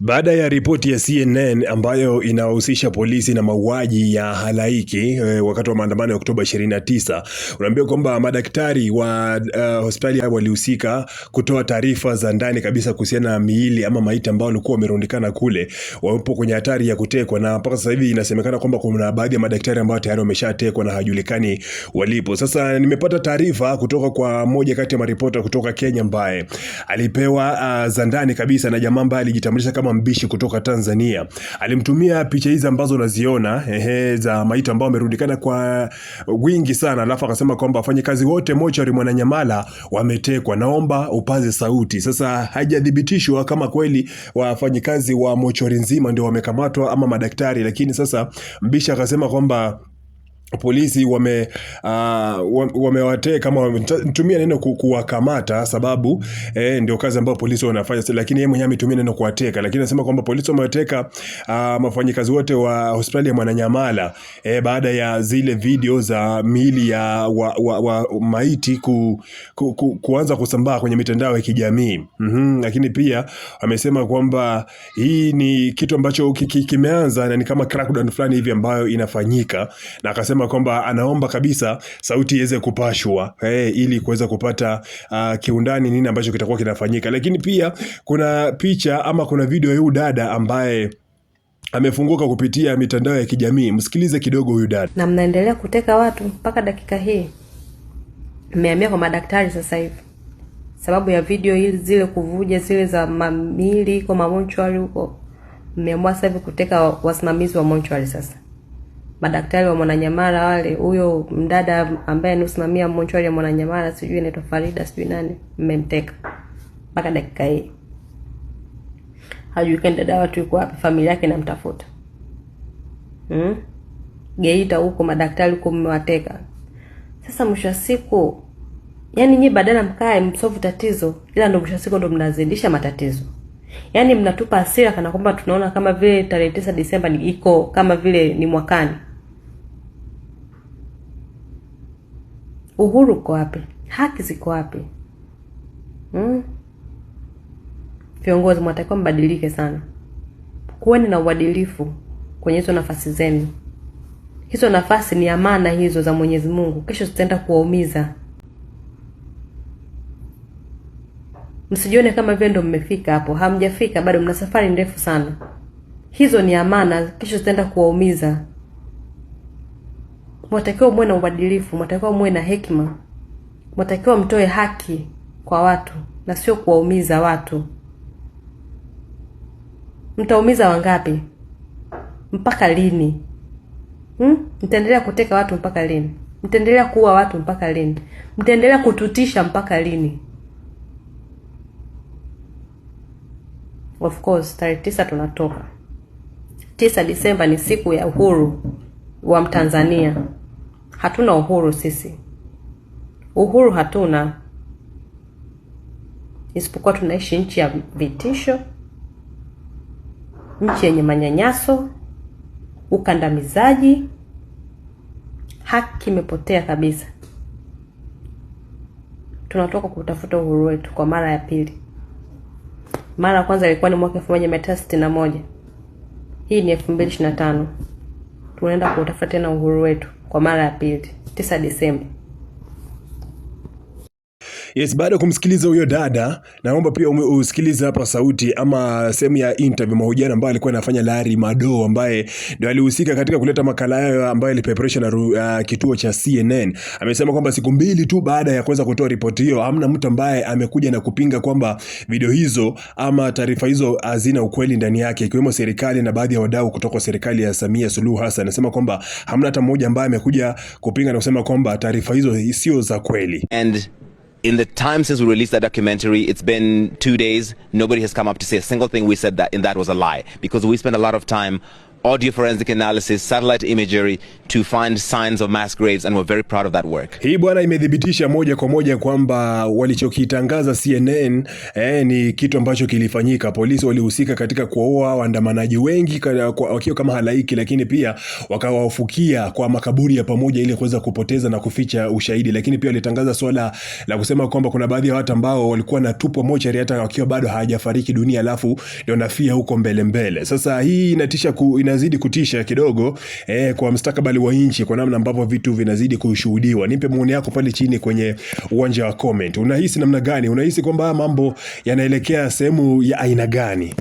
Baada ya ripoti ya CNN ambayo inahusisha polisi na mauaji ya halaiki e, wakati wa maandamano ya Oktoba 29, unaambia kwamba madaktari wa uh, hospitali walihusika kutoa taarifa za ndani kabisa kuhusiana na miili ama maiti ambao walikuwa wamerundikana kule, wapo kwenye hatari ya kutekwa, na mpaka sasa hivi inasemekana kwamba kuna baadhi ya madaktari ambao tayari wameshatekwa na hajulikani walipo. Sasa nimepata taarifa kutoka kwa moja kati ya maripota kutoka Kenya ambaye alipewa uh, za ndani kabisa na jamaa ambaye alijitambulisha kama kama mbishi kutoka Tanzania alimtumia picha hizi ambazo unaziona ehe, za maiti ambao wamerundikana kwa wingi sana, alafu akasema kwamba wafanyakazi wote mochari Mwananyamala wametekwa, naomba upaze sauti. Sasa haijathibitishwa kama kweli wafanyikazi wa mochari nzima ndio wamekamatwa ama madaktari, lakini sasa mbishi akasema kwamba polisi wame uh, wamewateka kama nitumia neno ku, kuwakamata, sababu eh, ndio kazi ambayo polisi wanafanya, lakini yeye mwenyewe ametumia neno kuwateka, lakini anasema kwamba polisi wamewateka uh, ah, mafanyikazi wote wa hospitali ya Mwananyamala eh, baada ya zile video za miili ya wa, wa, wa maiti ku, ku, ku, kuanza kusambaa kwenye mitandao ya kijamii mm -hmm. Lakini pia amesema kwamba hii ni kitu ambacho kimeanza na ni kama crackdown fulani hivi ambayo inafanyika na akasema anasema kwamba anaomba kabisa sauti iweze kupashwa eh, ili kuweza kupata uh, kiundani nini ambacho kitakuwa kinafanyika. Lakini pia kuna picha ama kuna video ya huyu dada ambaye amefunguka kupitia mitandao ya kijamii. Msikilize kidogo huyu dada. Na mnaendelea kuteka watu mpaka dakika hii, mmehamia kwa madaktari sasa hivi sababu ya video hizi zile kuvuja zile za mamili kwa mamonchwari huko, mmeamua sasa hivi kuteka wasimamizi wa monchwari sasa madaktari wa mwananyamara wale, huyo mdada ambaye anasimamia mochwari ya mwananyamara, sijui inaitwa Farida, sijui nani, mmemteka mpaka dakika hii hajulikani dada watu yuko wapi, familia yake namtafuta. Hmm? Geita huko madaktari huko mmewateka. Sasa mwisho wa siku, yani nyie badala mkae msovu tatizo, ila ndo mwisho wa siku ndo mnazidisha matatizo yaani mnatupa hasira kana kwamba tunaona kama vile tarehe tisa Desemba iko kama vile ni mwakani. Uhuru uko wapi? Haki ziko wapi? hmm? Viongozi mwatakiwa mbadilike sana, kuweni na uadilifu kwenye hizo nafasi zenu. Hizo nafasi ni amana hizo za Mwenyezi Mungu, kesho zitaenda kuwaumiza. Msijione kama vile ndo mmefika hapo, hamjafika bado, mna safari ndefu sana. Hizo ni amana, kisha zitaenda kuwaumiza. Mwatakiwa muwe na ubadilifu, mwatakiwa muwe na hekima, mwatakiwa mtoe haki kwa watu na sio kuwaumiza watu. Mtaumiza wangapi? Mpaka lini? Hmm? Mtaendelea kuteka watu mpaka lini? Mtaendelea kuua watu mpaka lini? Mtaendelea kututisha mpaka lini? of course tarehe tisa tunatoka. Tisa Disemba ni siku ya uhuru wa Mtanzania. Hatuna uhuru sisi, uhuru hatuna, isipokuwa tunaishi nchi ya vitisho, nchi yenye manyanyaso, ukandamizaji. Haki imepotea kabisa. Tunatoka kutafuta uhuru wetu kwa mara ya pili mara ya kwanza ilikuwa ni mwaka elfu moja mia tisa sitini na moja hii ni elfu mbili ishirini na tano tunaenda kuutafuta tena uhuru wetu kwa mara ya pili 9 Desemba Yes, baada ya kumsikiliza huyo dada, naomba pia usikilize hapa sauti ama sehemu ya interview mahojiano ambayo alikuwa anafanya Larry Mado ambaye ndio alihusika katika kuleta makala hayo ambayo ilipeperusha na uh, kituo cha CNN. Amesema kwamba siku mbili tu baada ya kuweza kutoa ripoti hiyo, hamna mtu ambaye amekuja na kupinga kwamba video hizo ama taarifa hizo hazina ukweli ndani yake, ikiwemo serikali na baadhi ya wadau kutoka serikali ya Samia Suluhu Hassan. Anasema kwamba hamna hata mmoja ambaye amekuja kupinga na kusema kwamba taarifa hizo sio za kweli And... in the time since we released that documentary, it's been two days. Nobody has come up to say a single thing we said that, and that was a lie. Because we spent a lot of time audio forensic analysis, satellite imagery to find signs of mass graves and we're very proud of that work. Hii bwana imethibitisha moja kwa moja kwamba walichokitangaza CNN eh, ni kitu ambacho kilifanyika. Polisi walihusika katika kuwaua waandamanaji wengi wakiwa kama halaiki, lakini pia wakawafukia kwa makaburi ya pamoja ili kuweza kupoteza na kuficha ushahidi. Lakini pia walitangaza swala la kusema kwamba kuna baadhi ya watu ambao walikuwa na tupo moja hata wakiwa bado hawajafariki dunia, alafu ndio nafia huko mbele mbele. Sasa hii inatisha ku, ina inazidi kutisha kidogo eh, kwa mstakabali wa nchi, kwa namna ambavyo vitu vinazidi kushuhudiwa. Nipe maoni yako pale chini kwenye uwanja wa comment. Unahisi namna gani? Unahisi kwamba mambo yanaelekea sehemu ya aina gani?